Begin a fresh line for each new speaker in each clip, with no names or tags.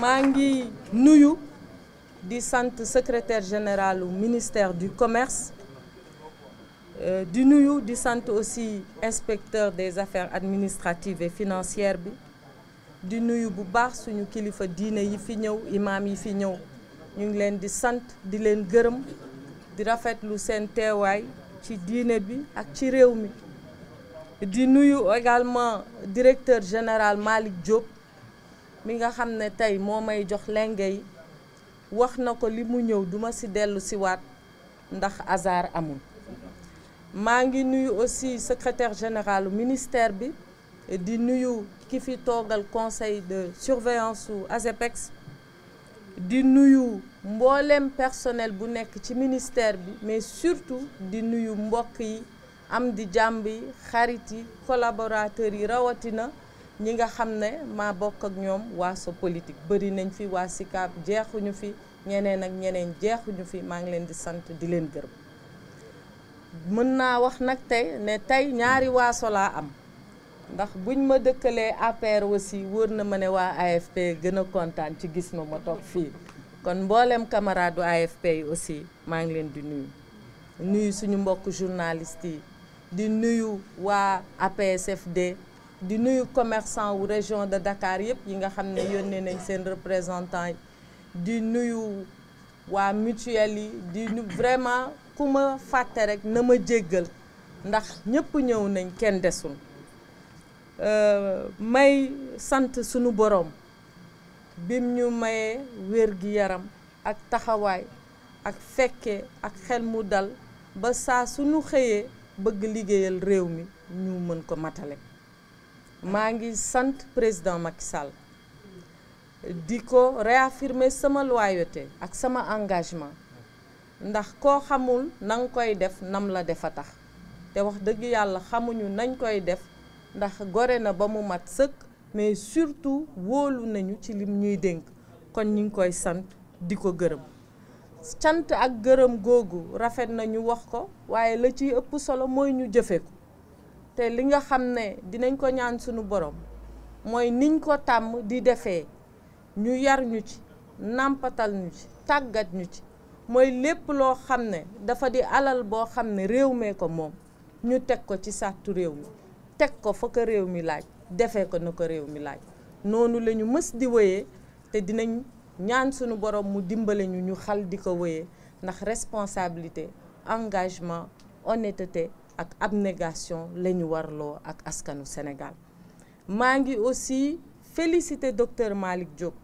maa ngi nuyu di sant secrétaire général ministère du commerce euh, di nuyu di sant aussi inspecteur des affaires administratives et financières bi di nuyu bu baax suñu kilifa diine yi fi ñëw imaam yi fi ñëw ñu ngi leen di sant di leen gërëm di rafetlu seen teewaay ci diine bi ak ci réew mi di nuyu également directeur général Malick Diop mi nga xam ne tey moo may jox lengey wax na ko li mu ñëw duma ci dellu si waat ndax hasard amul maa ngi nuyu aussi secretaire généralu ministère bi di nuyu ki fi toogal conseil de surveillance su ASEPEX di nuyu mboolem personnel bu nekk ci ministère bi mais surtout di nuyu mbokk yi am di jàmb yi xarit yi collaborateurs yi rawatina ñi nga xam ne maa bokk ak ñoom waaso politique bari nañ fi waa SICAP jeexuñu fi ñeneen ak ñeneen jeexuñu fi maa ngi leen di sant di leen gërëm mën naa wax nag tey ne tey ñaari waaso laa am ndax buñ ma dëkkalee APR aussi wër na ma ne waa AFP gën a kontaan ci gis ma ma fii kon mbooleem camarade du AFP yi aussi maa ngi leen di nuyu nuyu suñu mbokk journaliste yi di nuyu waa APSFD di nuyu commerçant wu région de Dakar yëpp yi nga xam ne yónnee nañ seen représentant yi di nuyu waa mutuelle yi di nu vraiment ku ma fàtte rekk na ma jéggal ndax ñëpp ñëw nañ kenn desul euh, may sant sunu borom bim ñu mayee wér gi yaram ak taxawaay ak fekke ak xel mu dal ba saa sunu xëyee bëgg liggéeyal réew mi ñu mën ko matale maa ngi sant président Macky Sall di ko réaffirmer sama loyauté ak sama engagement ndax koo xamul na koy def nam la def a tax te wax dëgg yàlla xamuñu nañ koy def ndax gore na ba mu mat sëkk mais surtout wóolu nañu ci lim ñuy dénk kon ñu ngi koy sant di ko gërëm cant ak gërëm googu rafet nañu wax ko waaye la ciy ëpp solo mooy ñu jëfe ko te li nga xam ne dinañ ko ñaan sunu borom mooy niñ ko tàmm di defee ñu yar ñu ci nàmpatal ñu ci tàggat ñu ci mooy lépp loo xam ne dafa di alal boo xam ne réew mee ko moom ñu teg ko ci sàttu réew mi teg ko fa ko réew mi laaj defee ko na ko réew mi laaj noonu la ñu mës di wéyee te dinañ ñaan sunu borom mu dimbale ñu ñu xal di ko wéyee ndax responsabilité engagement honnêteté ak abnégation la ñu warloo ak askanu Sénégal maa ngi aussi félicité docteur Malick jóg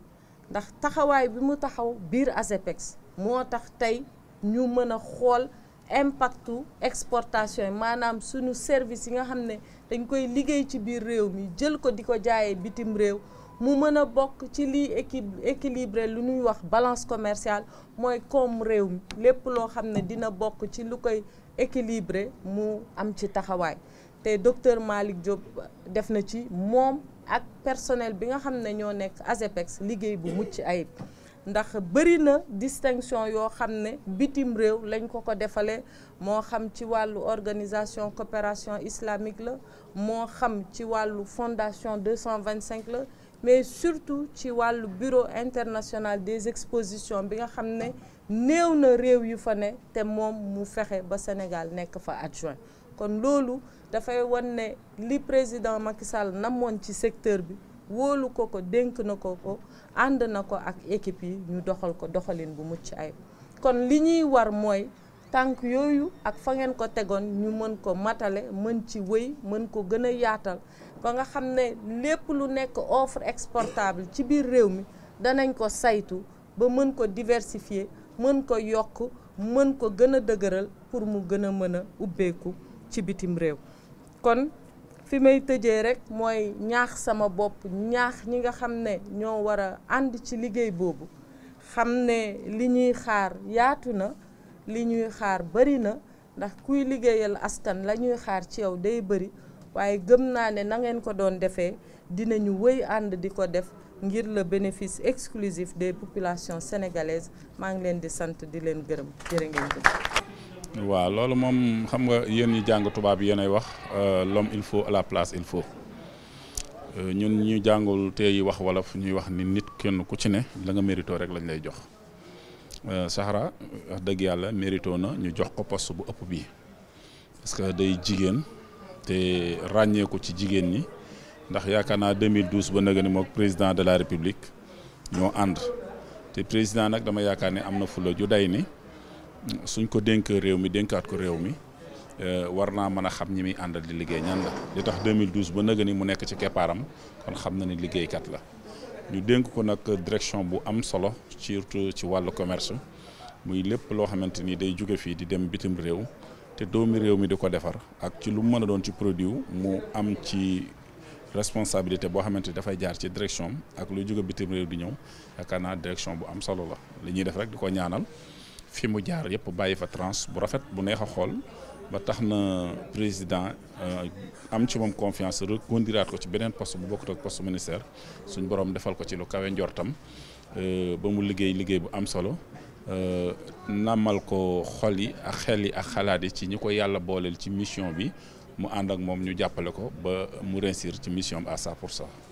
ndax taxawaay bi mu taxaw biir ASEPEX moo tax tey ñu mën a xool impactu exportation yi maanaam suñu service yi nga xam ne dañ koy liggéey ci biir réew mi jël ko di ko jaaye bitim réew mu mën a bokk ci lii équilibré lu ñuy wax balance commerciale mooy koom réew mi lépp loo xam ne dina bokk ci lu koy équilibré mu am ci taxawaay te docteur Malick Diop def na ci moom ak personnel bi nga xam ne ñoo nekk ASEPEX liggéey bu mucc ayib ndax bëri na distinction yoo xam ne bitim réew lañ ko ko defalee moo xam ci wàllu organisation coopération islamique la moo xam ci wàllu fondation 225 la mais surtout ci wàllu bureau internationale des expositions bi nga xam ne néew na réew yu fa ne te moom mu fexe ba Sénégal nekk fa adjoint kon loolu dafay wan ne li président Macky Sall namoon ci secteur bi wóolu ko ko dénk na ko ko ànd na ko ak équipe yi ñu doxal ko doxalin bu mucc ayib kon li ñuy war mooy tànk yooyu ak fa ngeen ko tegoon ñu mën ko matale mën ci wéy mën ko gën a yaatal ba nga xam ne lépp lu nekk offre exportable ci biir réew mi danañ ko saytu ba mën ko diversifier mën ko yokk mën ko gën a dëgëral pour mu gën a mën a ubbeeku ci bitim réew kon fi may tëjee rek mooy ñaax sama bopp ñaax ñi nga xam ne ñoo war a ànd ci liggéey boobu xam ne li ñuy xaar yaatu na li ñuy xaar bari na ndax kuy liggéeyal askan la ñuy xaar ci yow day bari waaye gëm naa ne nangeen ko doon defee dinañu wëy ànd di ko def ngir le bénéfice exclusif des population sénégalaises maa ngi leen di sant di leen gërëm jërë ngeen jëf.
waaw loolu moom xam nga yéen ñi jàng tubaab yéen ay wax euh, l'homme il faut à la place il faut euh, ñun ñu jàngul te yi wax wolof ñuy wax ni nit kenn ku ci ne la nga mérito rek lañ lay jox euh, Sahara dëgg yàlla mérito na ñu jox ko post bu ëpp bii parce day jigéen. te ràññee ko ci jigéen ñi ndax yaakaar naa 2012 ba nag ni mook président de la république ñoo ànd te président nag dama yaakaar ni am na fula ju day ni suñ ko dénk réew mi dénkaat ko réew mi euh, war naa mën a xam ñi muy àndal di liggéey ñan la li tax 2012 ba nag ni mu nekk ci keppaaram kon xam na ni liggéeykat la ñu dénk ko nag direction bu am solo surtout ci wàllu commerce muy lépp loo xamante nii day jóge fii di dem bitim réew te doomi réew mi di ko defar ak ci lu mën a doon ci produit mu am ci responsabilité boo xamante ni dafay jaar ci direction ak lu jóge bitim réew di ñëw yaakaar naa direction bu am solo la li ñuy def rek di ko ñaanal fi mu jaar yëpp bàyyi fa trans bu rafet bu neex a xool ba tax na président euh, am ci moom confiance reconduiraat ko ci beneen post bu bokkut ak post ministère suñ borom defal ko ci lu kawe njortam euh, ba mu liggéey liggéey bu am solo nàmmal ko xol yi ak xel yi ak xalaat yi ci ñi ko yàlla booleel ci mission bi mu ànd ak moom ñu jàppale ko ba mu réussir ci mission bi à 100 pour cent